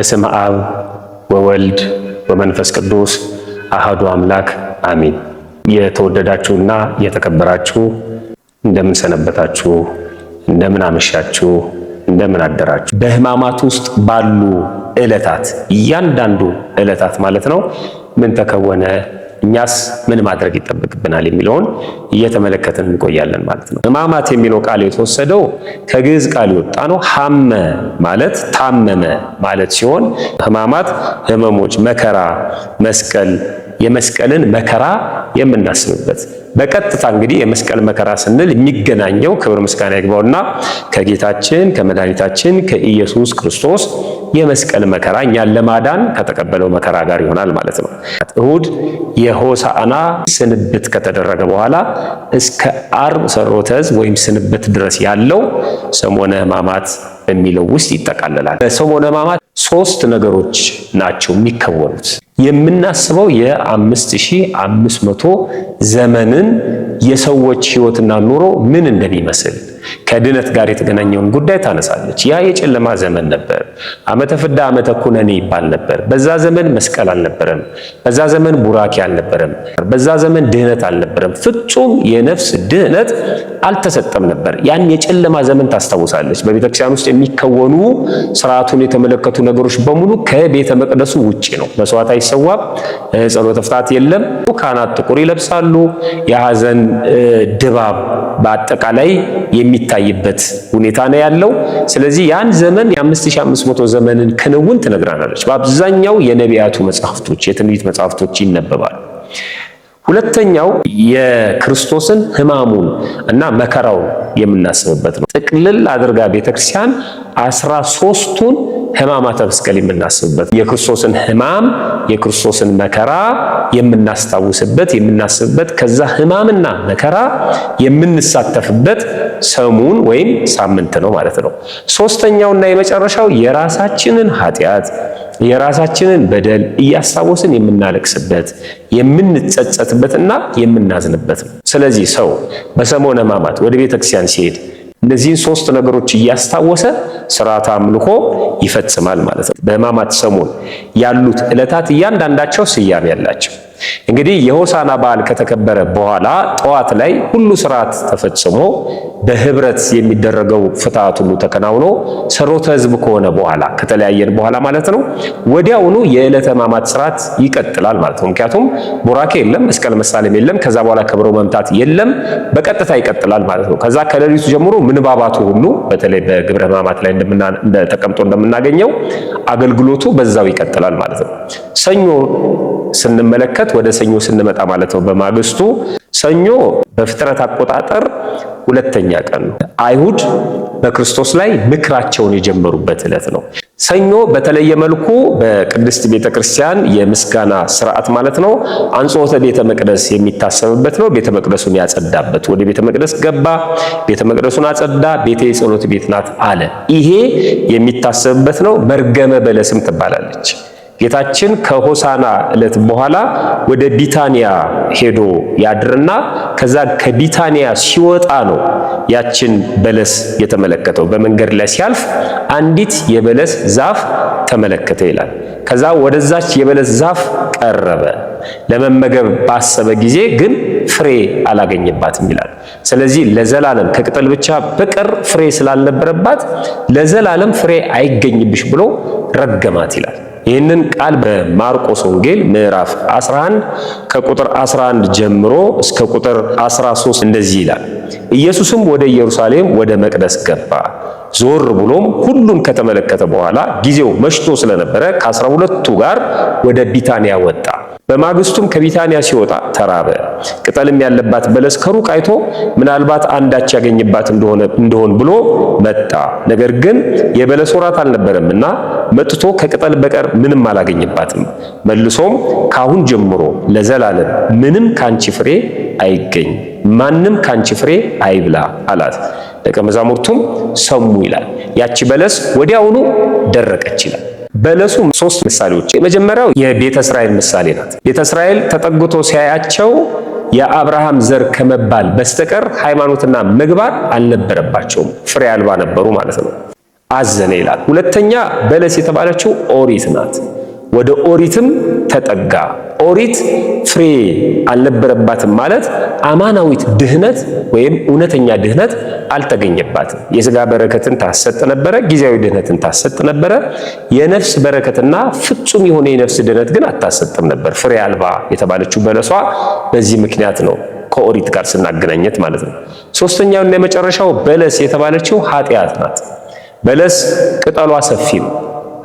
በስመ አብ ወወልድ ወመንፈስ ቅዱስ አህዱ አምላክ አሚን። የተወደዳችሁና የተከበራችሁ እንደምን ሰነበታችሁ? እንደምን አመሻችሁ? እንደምን አደራችሁ? በሕማማት ውስጥ ባሉ ዕለታት እያንዳንዱ ዕለታት ማለት ነው ምን ተከወነ እኛስ ምን ማድረግ ይጠበቅብናል የሚለውን እየተመለከትን እንቆያለን ማለት ነው። ሕማማት የሚለው ቃል የተወሰደው ከግዕዝ ቃል የወጣ ነው። ሐመ ማለት ታመመ ማለት ሲሆን ህማማት ህመሞች መከራ፣ መስቀል የመስቀልን መከራ የምናስብበት በቀጥታ እንግዲህ የመስቀል መከራ ስንል የሚገናኘው ክብር ምስጋና ይግባውና ከጌታችን ከመድኃኒታችን ከኢየሱስ ክርስቶስ የመስቀል መከራ እኛን ለማዳን ከተቀበለው መከራ ጋር ይሆናል ማለት ነው። እሁድ የሆሳዕና ስንብት ከተደረገ በኋላ እስከ አርብ ሠርዓተ ሕዝብ ወይም ስንብት ድረስ ያለው ሰሞነ ሕማማት በሚለው ውስጥ ይጠቃልላል። ሰሞነ ሕማማት ሶስት ነገሮች ናቸው የሚከወኑት። የምናስበው የ5500 ዘመንን የሰዎች ህይወትና ኑሮ ምን እንደሚመስል ከድነት ጋር የተገናኘውን ጉዳይ ታነሳለች። ያ የጨለማ ዘመን ነበር። ዓመተ ፍዳ ዓመተ ኩነኔ ይባል ነበር። በዛ ዘመን መስቀል አልነበረም። በዛ ዘመን ቡራኬ አልነበረም። በዛ ዘመን ድህነት አልነበረም። ፍጹም የነፍስ ድህነት አልተሰጠም ነበር። ያን የጨለማ ዘመን ታስታውሳለች። በቤተክርስቲያን ውስጥ የሚከወኑ ስርዓቱን የተመለከቱ ነገሮች በሙሉ ከቤተ መቅደሱ ውጭ ነው። መስዋዕት አይሰዋም። ጸሎተ ፍትሐት የለም። ካህናት ጥቁር ይለብሳሉ። የሐዘን ድባብ በአጠቃላይ የሚ የሚታይበት ሁኔታ ነው ያለው። ስለዚህ ያን ዘመን የ5500 ዘመንን ክንውን ትነግራናለች። በአብዛኛው የነቢያቱ መጽሐፍቶች፣ የትንቢት መጽሐፍቶች ይነበባሉ። ሁለተኛው የክርስቶስን ሕማሙን እና መከራውን የምናስብበት ነው። ጥቅልል አድርጋ ቤተክርስቲያን አስራ ሶስቱን ሕማማተ መስቀል የምናስብበት የክርስቶስን ሕማም የክርስቶስን መከራ የምናስታውስበት የምናስብበት ከዛ ሕማምና መከራ የምንሳተፍበት ሰሙን ወይም ሳምንት ነው ማለት ነው። ሶስተኛውና የመጨረሻው የራሳችንን ኃጢአት የራሳችንን በደል እያስታወስን የምናለቅስበት የምንጸጸትበትና የምናዝንበት ነው። ስለዚህ ሰው በሰሞነ ሕማማት ወደ ቤተክርስቲያን ሲሄድ እነዚህን ሶስት ነገሮች እያስታወሰ ስርዓተ አምልኮ ይፈጽማል ማለት ነው። በሕማማት ሰሞን ያሉት ዕለታት እያንዳንዳቸው ስያሜ ያላቸው እንግዲህ የሆሳና በዓል ከተከበረ በኋላ ጠዋት ላይ ሁሉ ስርዓት ተፈጽሞ በህብረት የሚደረገው ፍትሃት ሁሉ ተከናውኖ ሰሮተ ህዝብ ከሆነ በኋላ ከተለያየን በኋላ ማለት ነው ወዲያውኑ የዕለተ ሕማማት ስርዓት ይቀጥላል ማለት ነው። ምክንያቱም ቡራኬ የለም፣ መስቀል መሳለም የለም፣ ከዛ በኋላ ከበሮ መምታት የለም፣ በቀጥታ ይቀጥላል ማለት ነው። ከዛ ከሌሊቱ ጀምሮ ምንባባቱ ሁሉ በተለይ በግብረ ሕማማት ላይ ተቀምጦ እንደምናገኘው አገልግሎቱ በዛው ይቀጥላል ማለት ነው። ሰኞ ስንመለከት ወደ ሰኞ ስንመጣ ማለት ነው። በማግስቱ ሰኞ በፍጥረት አቆጣጠር ሁለተኛ ቀን ነው። አይሁድ በክርስቶስ ላይ ምክራቸውን የጀመሩበት ዕለት ነው። ሰኞ በተለየ መልኩ በቅድስት ቤተ ክርስቲያን የምስጋና ስርዓት ማለት ነው አንጾተ ቤተ መቅደስ የሚታሰብበት ነው። ቤተ መቅደሱን ያጸዳበት ወደ ቤተ መቅደስ ገባ፣ ቤተ መቅደሱን አጸዳ፣ ቤቴ የጸሎት ቤት ናት አለ። ይሄ የሚታሰብበት ነው። መርገመ በለስም ትባላለች። ጌታችን ከሆሳና ዕለት በኋላ ወደ ቢታንያ ሄዶ ያድርና ከዛ ከቢታንያ ሲወጣ ነው ያችን በለስ የተመለከተው። በመንገድ ላይ ሲያልፍ አንዲት የበለስ ዛፍ ተመለከተ ይላል። ከዛ ወደዛች የበለስ ዛፍ ቀረበ። ለመመገብ ባሰበ ጊዜ ግን ፍሬ አላገኘባትም ይላል። ስለዚህ ለዘላለም ከቅጠል ብቻ በቀር ፍሬ ስላልነበረባት ለዘላለም ፍሬ አይገኝብሽ ብሎ ረገማት ይላል። ይህንን ቃል በማርቆስ ወንጌል ምዕራፍ 11 ከቁጥር 11 ጀምሮ እስከ ቁጥር 13 እንደዚህ ይላል። ኢየሱስም ወደ ኢየሩሳሌም ወደ መቅደስ ገባ። ዞር ብሎም ሁሉን ከተመለከተ በኋላ ጊዜው መሽቶ ስለነበረ ከአስራ ሁለቱ ጋር ወደ ቢታንያ ወጣ። በማግስቱም ከቢታንያ ሲወጣ ተራበ። ቅጠልም ያለባት በለስ ከሩቅ አይቶ ምናልባት አንዳች ያገኝባት እንደሆን ብሎ መጣ። ነገር ግን የበለስ ወራት አልነበረምና መጥቶ ከቅጠል በቀር ምንም አላገኘባትም። መልሶም ካሁን ጀምሮ ለዘላለም ምንም ካንቺ ፍሬ አይገኝ፣ ማንም ካንቺ ፍሬ አይብላ አላት። ደቀ መዛሙርቱም ሰሙ ይላል። ያቺ በለስ ወዲያውኑ ደረቀች ይላል። በለሱ ሶስት ምሳሌዎች፣ የመጀመሪያው የቤተ እስራኤል ምሳሌ ናት። ቤተ እስራኤል ተጠግቶ ሲያያቸው የአብርሃም ዘር ከመባል በስተቀር ሃይማኖትና ምግባር አልነበረባቸውም። ፍሬ አልባ ነበሩ ማለት ነው። አዘነ ይላል። ሁለተኛ በለስ የተባለችው ኦሪት ናት። ወደ ኦሪትም ተጠጋ። ኦሪት ፍሬ አልነበረባትም ማለት አማናዊት ድህነት ወይም እውነተኛ ድህነት አልተገኘባትም። የስጋ በረከትን ታሰጥ ነበረ፣ ጊዜያዊ ድህነትን ታሰጥ ነበረ። የነፍስ በረከትና ፍጹም የሆነ የነፍስ ድህነት ግን አታሰጥም ነበር። ፍሬ አልባ የተባለችው በለሷ በዚህ ምክንያት ነው፣ ከኦሪት ጋር ስናገናኘት ማለት ነው። ሶስተኛውና የመጨረሻው በለስ የተባለችው ኃጢአት ናት። በለስ ቅጠሏ ሰፊ ነው።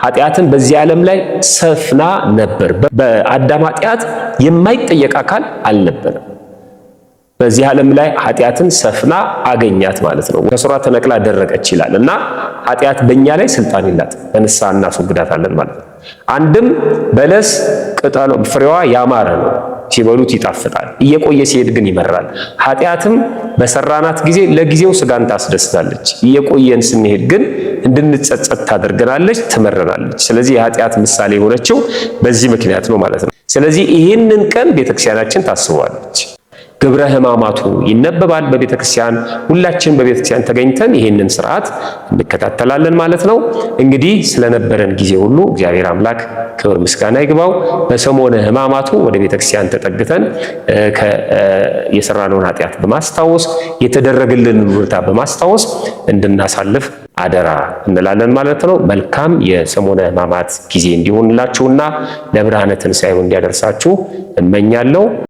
ኃጢአትን በዚህ ዓለም ላይ ሰፍና ነበር። በአዳም ኃጢአት የማይጠየቅ አካል አልነበረም። በዚህ ዓለም ላይ ኃጢአትን ሰፍና አገኛት ማለት ነው። ከሥራ ተነቅላ ደረቀች ይላል እና ኃጢአት በእኛ ላይ ስልጣን የላት። በንስሐ እናስወግዳታለን ማለት ነው። አንድም በለስ ቅጠሎ ፍሬዋ ያማረ ነው ሲበሉት ይጣፍጣል፣ እየቆየ ሲሄድ ግን ይመራል። ኃጢአትም በሰራናት ጊዜ ለጊዜው ስጋን ታስደስታለች፣ እየቆየን ስንሄድ ግን እንድንጸጸት ታደርገናለች፣ ትመረናለች። ስለዚህ የኃጢአት ምሳሌ የሆነችው በዚህ ምክንያት ነው ማለት ነው። ስለዚህ ይህንን ቀን ቤተክርስቲያናችን ታስበዋለች። ግብረ ሕማማቱ ይነበባል በቤተ ክርስቲያን። ሁላችን በቤተ ክርስቲያን ተገኝተን ይህንን ስርዓት እንከታተላለን ማለት ነው። እንግዲህ ስለነበረን ጊዜ ሁሉ እግዚአብሔር አምላክ ክብር ምስጋና ይግባው። በሰሞነ ሕማማቱ ወደ ቤተ ክርስቲያን ተጠግተን የሰራነውን ኃጢአት በማስታወስ የተደረገልን ውርታ በማስታወስ እንድናሳልፍ አደራ እንላለን ማለት ነው። መልካም የሰሞነ ሕማማት ጊዜ እንዲሆንላችሁና ለብርሃነ ትንሣኤው እንዲያደርሳችሁ እመኛለሁ።